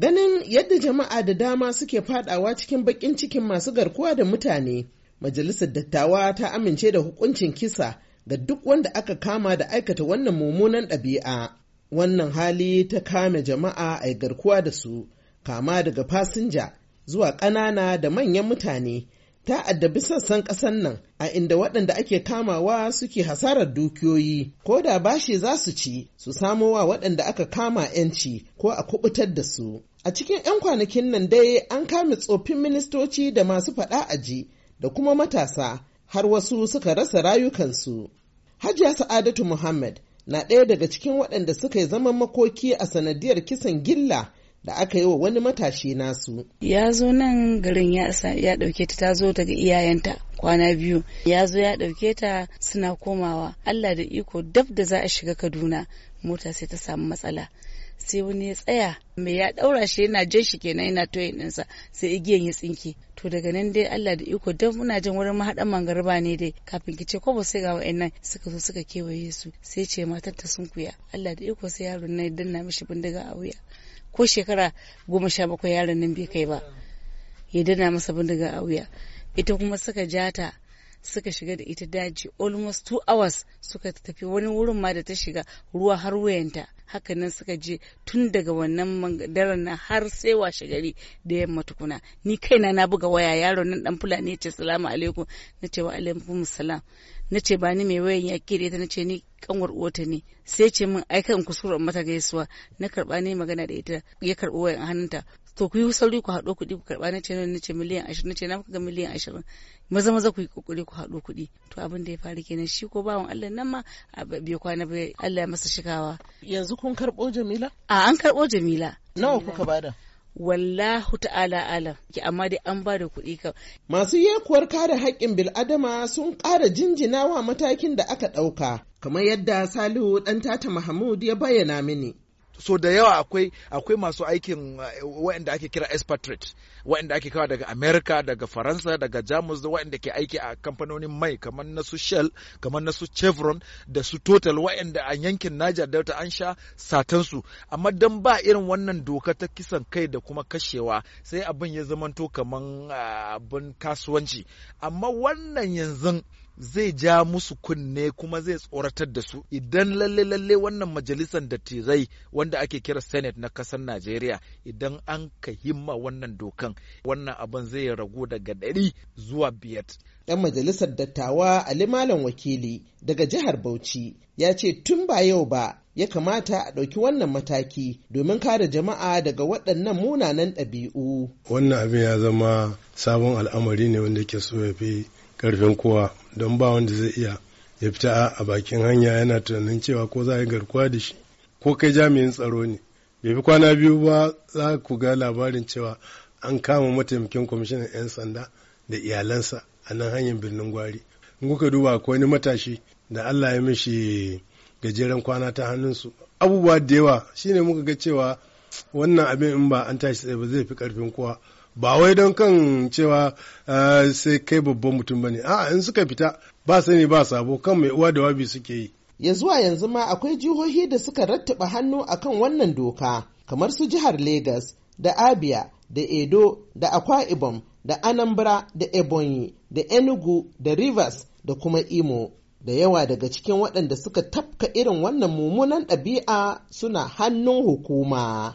Ganin yadda jama'a da dama suke fadawa cikin bakin cikin masu garkuwa da mutane, Majalisar Dattawa ta amince da hukuncin kisa ga duk wanda aka kama da aikata wannan mummunan ɗabi'a. Wannan hali ta kame jama'a a garkuwa da su, kama daga fasinja zuwa ƙanana da manyan mutane, ta addabi sassan ƙasar nan a inda waɗanda ake kamawa suke hasarar dukiyoyi, ko da bashi za su ci su samo wa waɗanda aka kama 'yanci ko a kubutar da su. A cikin 'yan kwanakin nan dai an kame tsofin ministoci da masu faɗa aji da kuma matasa har wasu suka rasa rayukansu. Hajiya Sa'adatu Muhammad na ɗaya daga cikin waɗanda suka yi zaman makoki a sanadiyar kisan gilla da aka yi wa wani matashi nasu. Ya zo nan garin ya ɗauke ta ta zo daga iyayenta kwana biyu. Ya zo ya ɗauke ta suna komawa. Allah da iko dab da za a shiga Kaduna mota sai ta samu matsala. sai wani ya tsaya mai ya daura shi yana jan shi kenan yana toyin ɗinsa sai igiyan ya tsinke to daga nan dai Allah da iko dan muna jin wurin mahaɗan mangarba ne dai kafin ki ce ko ba sai ga wa'annan suka zo suka kewaye su sai ce matar ta sun kuya Allah da iko sai yaron nan danna mishi bindiga a wuya ko shekara goma sha bakwai yaron nan bai kai ba ya danna masa bindiga a wuya ita kuma suka jata suka shiga da ita daji almost two hours suka tafi wani wurin ma da ta shiga ruwa har wuyanta Hakanan suka je tun daga wannan daren na har sai washe gari da yamma tukuna ni kaina na buga waya yaron nan dan fulani ya ce salamu alaikum na ce wa alaikum salam na ce ba ni mai wayan ya kire ta na ce ni kanwar uwata ne sai ce min ai kan kusurar mata gaisuwa na karba ne magana da ita ya karbi wayan hannunta to ku yi sauri ku haɗo kuɗi ku karɓa na ce na ce miliyan ashirin na ce na ga miliyan ashirin maza maza ku yi kokari ku haɗo kuɗi to abin da ya faru kenan shi ko bawan Allah nan ma bai kwana bai Allah ya masa shigawa yanzu kun karɓo Jamila a an karɓo Jamila nawa kuka bada wallahu ta'ala alam amma dai an ba da kuɗi ka. Masu yankuwar kare haƙƙin bil'adama sun ƙara jinjinawa matakin da aka ɗauka, kamar yadda Salihu ɗan tata mahamud ya bayyana mini. so da yawa akwai akwai masu aikin eh, waɗanda ake kira expatriate waɗanda ake kawo daga america daga faransa daga jamus da waɗanda ke aiki a kamfanonin mai kamar na su shell kamar na su chevron da su total waɗanda a yankin niger delta an sha satansu? amma dan ba irin wannan doka ta kisan kai da kuma kashewa sai abin ya zamanto kamar ah, abin kasuwanci amma wannan yanzu zai ja musu kunne kuma zai tsoratar da su idan lalle lalle wannan majalisar tirai wanda ake kira senate na kasar najeriya idan an ka himma wannan dokan wannan abin zai ragu daga ɗari zuwa biyar ɗan majalisar dattawa ali malam wakili daga jihar bauchi ya ce tun ba yau ba ya kamata a ɗauki wannan mataki domin kare jama'a daga waɗannan munanan ɗabi'u. Wannan abin ya zama sabon al'amari ne wanda ke so ya fi ƙarfin kowa don ba wanda zai iya ya fita a bakin hanya yana tunanin cewa ko za a yi garkuwa da shi ko kai jami'in tsaro ne bai fi kwana biyu ba za ku ga labarin cewa an kama mataimakin kwamishinan 'yan sanda da iyalansa a nan hanyar birnin gwari in kuka duba akwai wani matashi da allah ya mishi gajeren kwana ta hannunsu abubuwa da yawa shine muka ga cewa wannan abin in ba an tashi tsaye ba zai fi karfin kowa ba wai don kan cewa eh, sai kai babban mutum bane a in suka fita ba sani ba sabo kan mai uwa da wabi suke yi ya zuwa yanzu ma akwai jihohi da suka rattaba hannu akan wannan doka kamar su jihar Lagos, da Abia da Edo da Akwa Ibom da Anambra da Ebonyi da Enugu da Rivers da kuma Imo da yawa daga cikin waɗanda suka tafka irin wannan mummunan ɗabi'a suna hannun hukuma.